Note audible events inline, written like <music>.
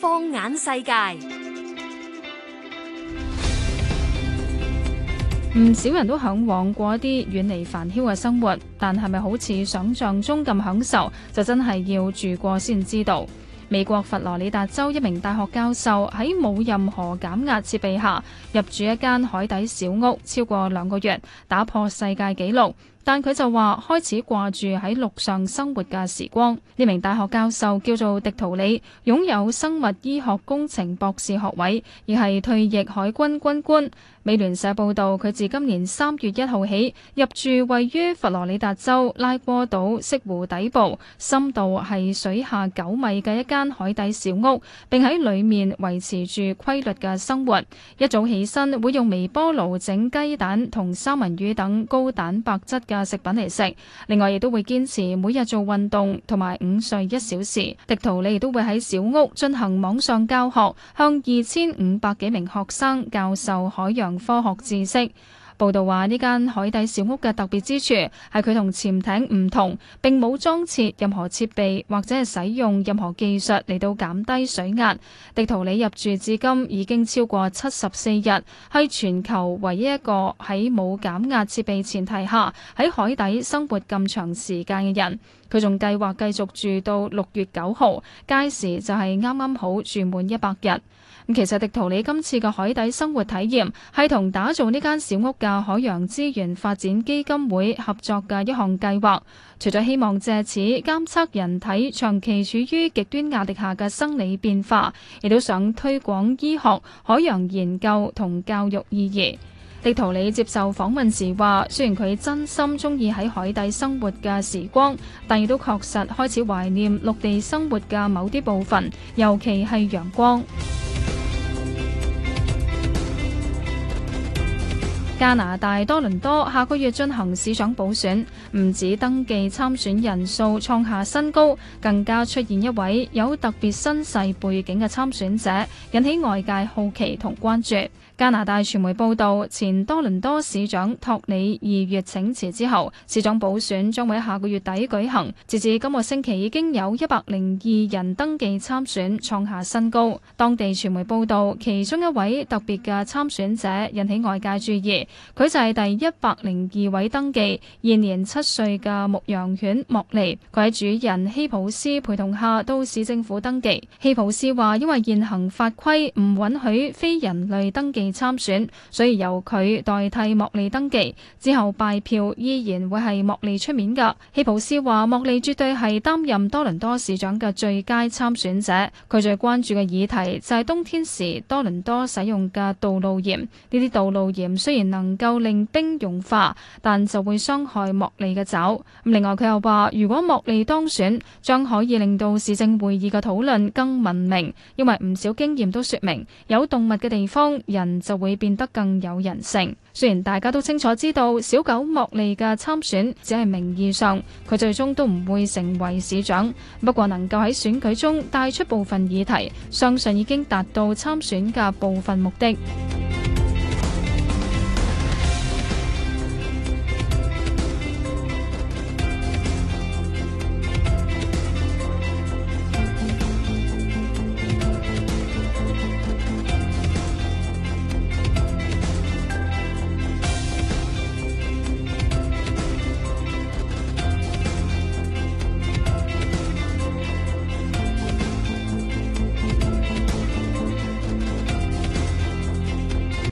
放眼世界，唔 <noise> 少人都嚮往過一啲遠離繁囂嘅生活，但係咪好似想象中咁享受，就真係要住過先知道。美國佛羅里達州一名大學教授喺冇任何減壓設備下，入住一間海底小屋超過兩個月，打破世界紀錄。但佢就話開始掛住喺陸上生活嘅時光。呢名大學教授叫做迪圖里，擁有生物醫學工程博士學位，而係退役海軍軍官。美聯社報導，佢自今年三月一號起入住位於佛羅里達州拉過島色湖底部，深度係水下九米嘅一間海底小屋，並喺裡面維持住規律嘅生活。一早起身會用微波爐整雞蛋同三文魚等高蛋白質嘅食品嚟食，另外亦都會堅持每日做運動同埋午睡一小時。 <noise> 迪圖你亦都會喺小屋進行網上教學，向二千五百幾名學生教授海洋科學知識。報道話呢間海底小屋嘅特別之處係佢同潛艇唔同，並冇裝設任何設備或者係使用任何技術嚟到減低水壓。迪圖里入住至今已經超過七十四日，係全球唯一一個喺冇減壓設備前提下喺海底生活咁長時間嘅人。佢仲計劃繼續住到六月九號，屆時就係啱啱好住滿一百日。咁其實迪圖里今次嘅海底生活體驗係同打造呢間小屋嘅。海洋資源發展基金會合作嘅一項計劃，除咗希望借此監測人體長期處於極端壓力下嘅生理變化，亦都想推廣醫學、海洋研究同教育意義。迪圖里接受訪問時話，雖然佢真心中意喺海底生活嘅時光，但亦都確實開始懷念陸地生活嘅某啲部分，尤其係陽光。加拿大多倫多下個月進行市長補選，唔止登記參選人數創下新高，更加出現一位有特別身世背景嘅參選者，引起外界好奇同關注。加拿大傳媒報道，前多倫多市長托尼二月請辭之後，市長補選將會下個月底舉行。截至今個星期，已經有一百零二人登記參選，創下新高。當地傳媒報道，其中一位特別嘅參選者引起外界注意。佢就係第一百零二位登記，現年七歲嘅牧羊犬莫利，佢喺主人希普斯陪同下到市政府登記。希普斯話：因為現行法規唔允許非人類登記參選，所以由佢代替莫利登記。之後拜票依然會係莫利出面㗎。希普斯話：莫利絕對係擔任多倫多市長嘅最佳參選者。佢最關注嘅議題就係冬天時多倫多使用嘅道路鹽，呢啲道路鹽雖然能能夠令冰融化，但就會傷害莫利嘅爪。咁另外佢又話，如果莫利當選，將可以令到市政會議嘅討論更文明，因為唔少經驗都說明，有動物嘅地方，人就會變得更有人性。雖然大家都清楚知道，小狗莫利嘅參選只係名義上，佢最終都唔會成為市長。不過能夠喺選舉中帶出部分議題，相信已經達到參選嘅部分目的。